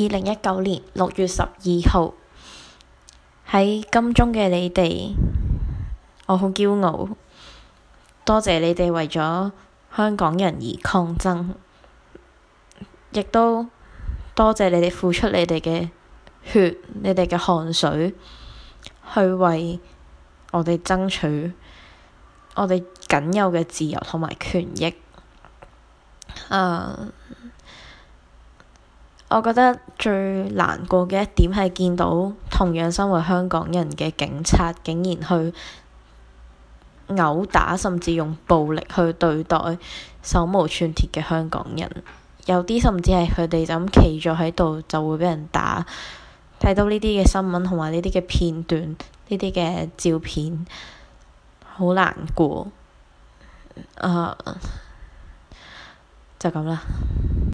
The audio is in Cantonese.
二零一九年六月十二號，喺金鐘嘅你哋，我好驕傲。多謝你哋為咗香港人而抗爭，亦都多謝你哋付出你哋嘅血、你哋嘅汗水，去為我哋爭取我哋僅有嘅自由同埋權益。誒、uh,～我覺得最難過嘅一點係見到同樣身為香港人嘅警察，竟然去毆打甚至用暴力去對待手無寸鐵嘅香港人，有啲甚至係佢哋就咁企咗喺度就會俾人打。睇到呢啲嘅新聞同埋呢啲嘅片段，呢啲嘅照片，好難過。啊、uh,！就咁啦～